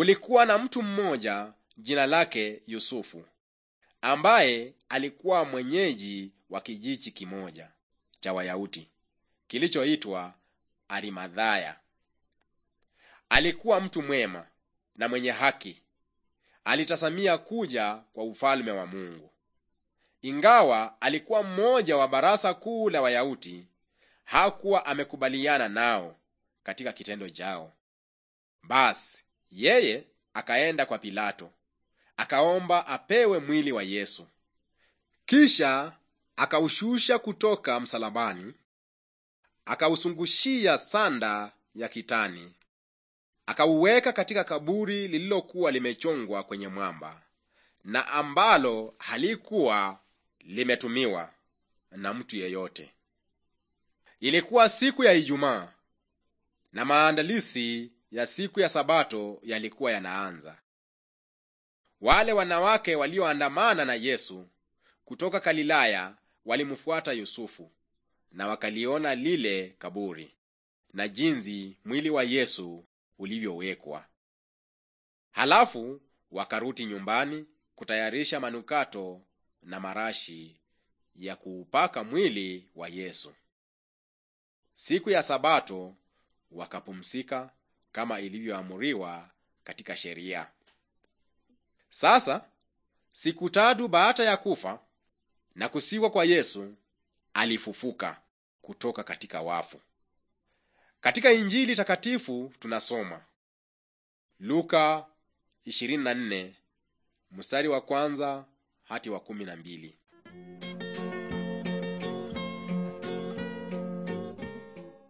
Kulikuwa na mtu mmoja jina lake Yusufu, ambaye alikuwa mwenyeji wa kijiji kimoja cha Wayahudi kilichoitwa Arimadhaya. Alikuwa mtu mwema na mwenye haki, alitasamia kuja kwa ufalme wa Mungu. Ingawa alikuwa mmoja wa barasa kuu la Wayahudi, hakuwa amekubaliana nao katika kitendo chao. Basi yeye akaenda kwa Pilato akaomba apewe mwili wa Yesu. Kisha akaushusha kutoka msalabani, akausungushia sanda ya kitani, akauweka katika kaburi lililokuwa limechongwa kwenye mwamba na ambalo halikuwa limetumiwa na mtu yeyote. Ilikuwa siku ya Ijumaa na maandalisi ya siku ya Sabato yalikuwa yanaanza. Wale wanawake walioandamana na Yesu kutoka Galilaya walimfuata Yusufu na wakaliona lile kaburi na jinsi mwili wa Yesu ulivyowekwa. Halafu wakaruti nyumbani kutayarisha manukato na marashi ya kuupaka mwili wa Yesu. Siku ya Sabato wakapumsika kama ilivyoamuriwa katika sheria. Sasa siku tatu baada ya kufa na kusiwa kwa Yesu, alifufuka kutoka katika wafu. Katika Injili takatifu tunasoma Luka 24 mstari wa kwanza hadi wa kumi na mbili.